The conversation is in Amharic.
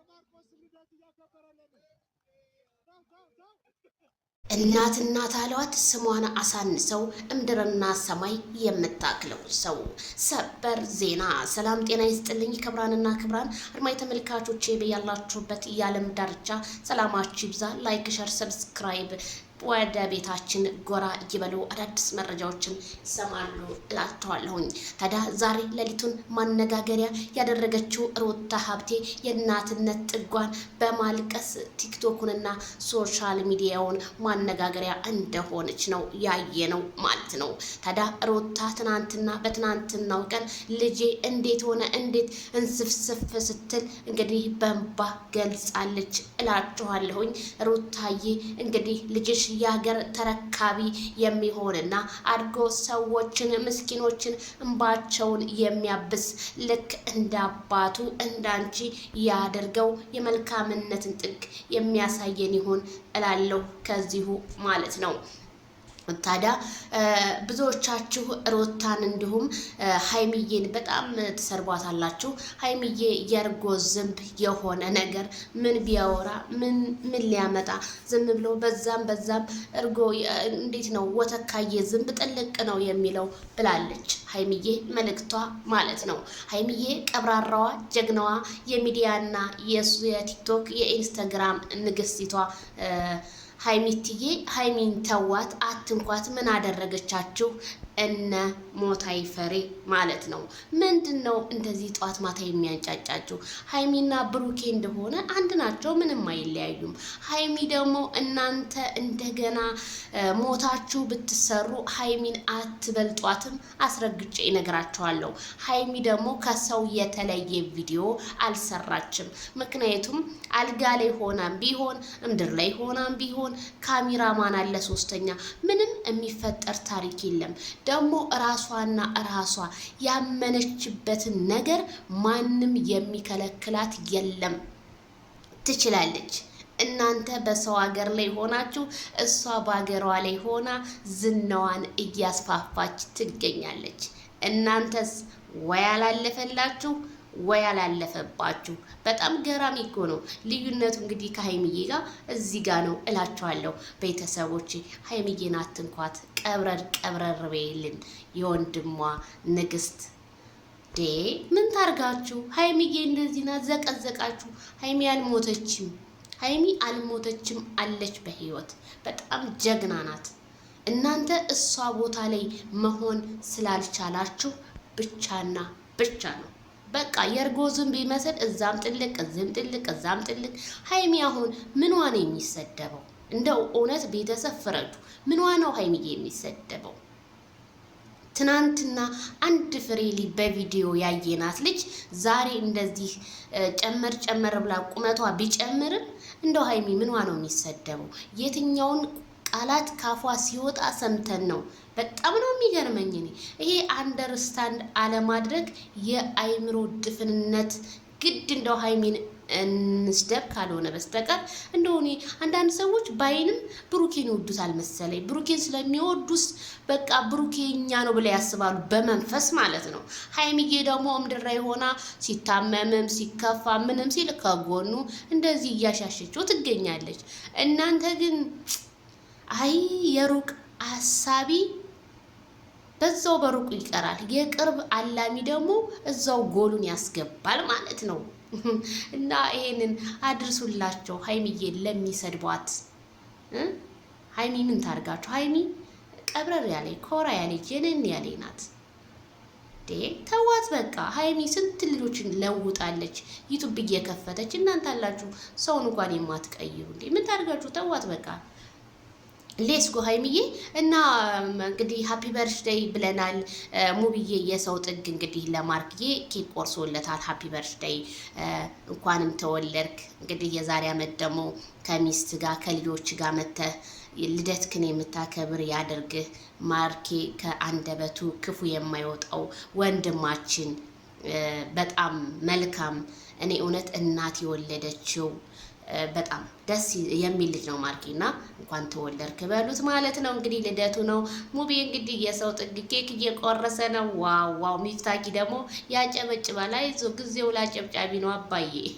É Marcos Lidia que eu quero ali. Não, não, não. እናት እናት ታለዋት ስሟን አሳንሰው እምድርና ሰማይ የምታክለው ሰው ሰበር ዜና። ሰላም ጤና ይስጥልኝ ክብራንና ክብራን አድማጭ ተመልካቾቼ በያላችሁበት የዓለም ዳርቻ ሰላማችሁ ይብዛ። ላይክ፣ ሸር፣ ሰብስክራይብ ወደ ቤታችን ጎራ እይበሉ አዳዲስ መረጃዎችን ይሰማሉ እላቸዋለሁኝ። ታዲያ ዛሬ ሌሊቱን ማነጋገሪያ ያደረገችው ሩታ ሀብቴ የእናትነት ጥጓን በማልቀስ ቲክቶኩንና ሶሻል ሚዲያውን ማ መነጋገሪያ እንደሆነች ነው ያየ ነው ማለት ነው። ታዲያ ሩታ ትናንትና በትናንትናው ቀን ልጄ እንዴት ሆነ እንዴት እንስፍስፍ ስትል እንግዲህ በንባ ገልጻለች እላችኋለሁኝ። ሩታዬ እንግዲህ ልጅሽ የሀገር ተረካቢ የሚሆንና አድጎ ሰዎችን ምስኪኖችን እንባቸውን የሚያብስ ልክ እንደ አባቱ እንዳንቺ ያደርገው የመልካምነትን ጥግ የሚያሳየን ይሆን እላለሁ ከዚሁ ማለት ነው። ታዲያ ብዙዎቻችሁ ሮታን እንዲሁም ሀይሚዬን በጣም ትሰርቧታላችሁ። ሀይሚዬ የእርጎ ዝንብ የሆነ ነገር ምን ቢያወራ ምን ምን ሊያመጣ ዝም ብሎ በዛም በዛም እርጎ እንዴት ነው ወተካዬ ዝንብ ጥልቅ ነው የሚለው ብላለች ሀይሚዬ መልእክቷ ማለት ነው። ሀይሚዬ ቀብራራዋ፣ ጀግናዋ፣ የሚዲያና የቲክቶክ የኢንስተግራም ንግስቲቷ ሀይሚትዬ ሀይሚን ተዋት፣ አትንኳት። ምን አደረገቻችሁ? እነ ሞታይ ፈሬ ማለት ነው። ምንድን ነው እንደዚህ ጠዋት ማታ የሚያንጫጫችው? ሀይሚና ብሩኬ እንደሆነ አንድ ናቸው፣ ምንም አይለያዩም። ሀይሚ ደግሞ እናንተ እንደገና ሞታችሁ ብትሰሩ ሀይሚን አትበልጧትም፣ አስረግጬ እነግራችኋለሁ። ሀይሚ ደግሞ ከሰው የተለየ ቪዲዮ አልሰራችም። ምክንያቱም አልጋ ላይ ሆናም ቢሆን እምድር ላይ ሆናም ቢሆን ካሜራማን አለ ሶስተኛ። ምንም የሚፈጠር ታሪክ የለም። ደግሞ እራሷና እራሷ ያመነችበትን ነገር ማንም የሚከለክላት የለም። ትችላለች። እናንተ በሰው ሀገር ላይ ሆናችሁ እሷ በሀገሯ ላይ ሆና ዝናዋን እያስፋፋች ትገኛለች። እናንተስ ወይ አላለፈላችሁ? ወይ አላለፈባችሁ። በጣም ገራሚ እኮ ነው። ልዩነቱ እንግዲህ ከሀይሚዬ ጋር እዚህ ጋር ነው እላችኋለሁ። ቤተሰቦች ሀይሚዬን አትንኳት። ቀብረር ቀብረር በይልን የወንድሟ ንግስት ዴ ምን ታርጋችሁ? ሀይሚዬ እንደዚህ ናት። ዘቀዘቃችሁ። ሀይሚ አልሞተችም። ሀይሚ አልሞተችም፣ አለች በህይወት በጣም ጀግና ናት። እናንተ እሷ ቦታ ላይ መሆን ስላልቻላችሁ ብቻና ብቻ ነው። በቃ የእርጎ ዝም ቢመስል እዛም ጥልቅ እዚህም ጥልቅ እዛም ጥልቅ። ሀይሚ አሁን ምንዋ ነው የሚሰደበው? እንደው እውነት ቤተሰብ ፍረዱ። ምንዋ ነው ሀይሚዬ የሚሰደበው? ትናንትና አንድ ፍሬ በቪዲዮ ያየናት ልጅ ዛሬ እንደዚህ ጨመር ጨመር ብላ ቁመቷ ቢጨምርም እንደው ሀይሚ ምንዋ ነው የሚሰደበው? የትኛውን ቃላት ካፏ ሲወጣ ሰምተን ነው። በጣም ነው የሚገርመኝ። እኔ ይሄ አንደርስታንድ አለማድረግ የአይምሮ ድፍንነት ግድ እንደው ሀይሚን እንስደብ ካልሆነ በስተቀር እንደሆነ አንዳንድ ሰዎች ባይንም ብሩኬን ይወዱታል መሰለኝ። ብሩኬን ስለሚወዱስ በቃ ብሩኬኛ ነው ብለው ያስባሉ፣ በመንፈስ ማለት ነው። ሀይሚዬ ደግሞ እምድራ የሆና ሲታመምም ሲከፋ ምንም ሲል ከጎኑ እንደዚህ እያሻሸችው ትገኛለች። እናንተ ግን አይ የሩቅ አሳቢ በዛው በሩቁ ይቀራል፣ የቅርብ አላሚ ደግሞ እዛው ጎሉን ያስገባል ማለት ነው። እና ይሄንን አድርሱላቸው ሀይሚዬን ለሚሰድቧት። ሀይሚ ምን ታርጋችሁ? ሀይሚ ቀብረር ያለ ኮራ ያለ ጀነን ያለ ናት። ተዋት በቃ። ሀይሚ ስንት ልጆችን ለውጣለች፣ ዩቱብ እየከፈተች እናንተ አላችሁ ሰውን እንኳን የማትቀይሩ እንዴ! ምን ታርጋችሁ? ተዋት በቃ። ሌስኩ ሀይሚዬ እና እንግዲህ ሀፒ በርሽደይ ብለናል። ሙብዬ የሰው ጥግ እንግዲህ ለማርክዬ ኬክ ቆርሶለታል። ሀፒ በርሽደይ እንኳንም ተወለድክ። እንግዲህ የዛሬ አመት ደግሞ ከሚስት ጋር ከልጆች ጋር መተህ ልደትክን የምታከብር ያደርግህ። ማርኬ ከአንደበቱ ክፉ የማይወጣው ወንድማችን በጣም መልካም እኔ እውነት እናት የወለደችው በጣም ደስ የሚል ልጅ ነው ማርኪና እና እንኳን ተወለድክ በሉት ማለት ነው። እንግዲህ ልደቱ ነው። ሙቢ እንግዲህ የሰው ጥግ ኬክ እየቆረሰ ነው። ዋው ዋው! ሚፍታኪ ደግሞ ያጨበጭባል። አይዞህ ጊዜው ላጨብጫቢ ነው አባዬ።